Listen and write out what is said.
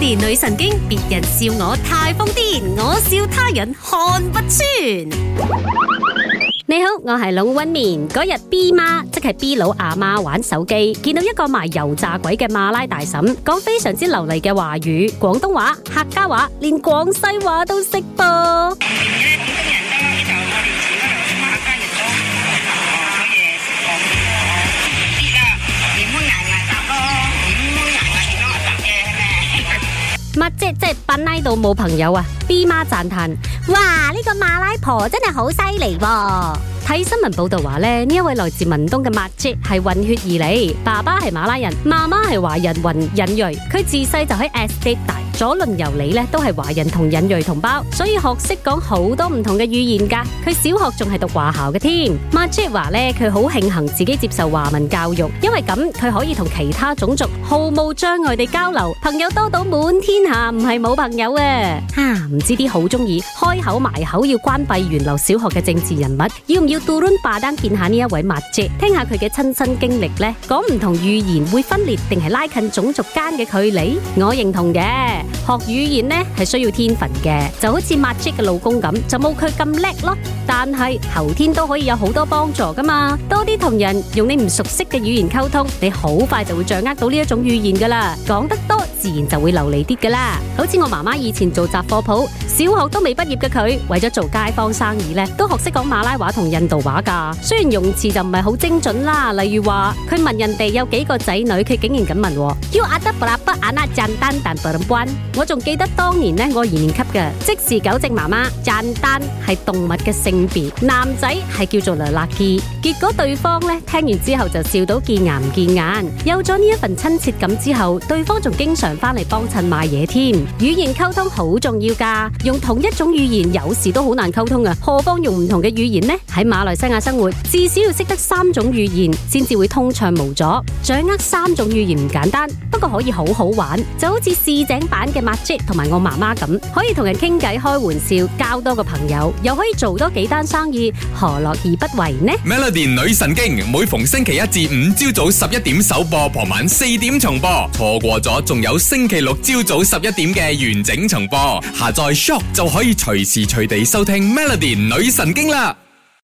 連女神經，別人笑我太瘋癲，我笑他人看不穿。你好，我係龍紋敏。嗰日 B 媽即係 B 佬阿媽玩手機，見到一個賣油炸鬼嘅馬拉大嬸，講非常之流利嘅華語，廣東話、客家話，連廣西話都識噃。乜即係即係伯拉度冇朋友啊？B 媽讚嘆。哇！呢、這個馬拉婆真係好犀利喎！睇新聞報道話呢，呢一位來自文東嘅麥姐係混血兒嚟，爸爸係馬拉人，媽媽係華人混印裔。佢自細就喺 estate 大，左鄰右里咧都係華人同印裔同胞，所以學識講好多唔同嘅語言㗎。佢小學仲係讀華校嘅添。麥姐話呢，佢好慶幸自己接受華文教育，因為咁佢可以同其他種族毫無障礙地交流，朋友多到滿天下，唔係冇朋友啊！吓，唔知啲好中意開。口埋口要關閉源流小學嘅政治人物，要唔要杜倫霸單見下呢一位麥姐，聽下佢嘅親身經歷呢，講唔同語言會分裂定係拉近種族間嘅距離？我認同嘅，學語言呢係需要天分嘅，就好似麥姐嘅老公咁，就冇佢咁叻咯。但係後天都可以有好多幫助噶嘛，多啲同人用你唔熟悉嘅語言溝通，你好快就會掌握到呢一種語言噶啦，講得多。自然就會流利啲噶啦，好似我媽媽以前做雜貨鋪，小學都未畢業嘅佢，為咗做街坊生意咧，都學識講馬拉話同印度話噶。雖然用詞就唔係好精準啦，例如話佢問人哋有幾個仔女，佢竟然咁問我。我仲記得當年呢，我二年級嘅即時糾正媽媽，jantan 係動物嘅性別，男仔係叫做 lelaki。結果對方咧聽完之後就笑到見牙唔見眼。有咗呢一份親切感之後，對方仲經常。翻嚟幫襯買嘢添，語言溝通好重要噶，用同一種語言有時都好難溝通啊，何況用唔同嘅語言呢？喺馬來西亞生活，至少要識得三種語言，先至會通暢無阻。掌握三種語言唔簡單。個可以好好玩，就好似市井版嘅麥 Jet 同埋我媽媽咁，可以同人傾偈開玩笑，交多個朋友，又可以做多幾單生意，何樂而不為呢？Melody 女神經每逢星期一至五朝早十一點首播，傍晚四點重播，錯過咗仲有星期六朝早十一點嘅完整重播。下載 Shop 就可以隨時隨地收聽 Melody 女神經啦。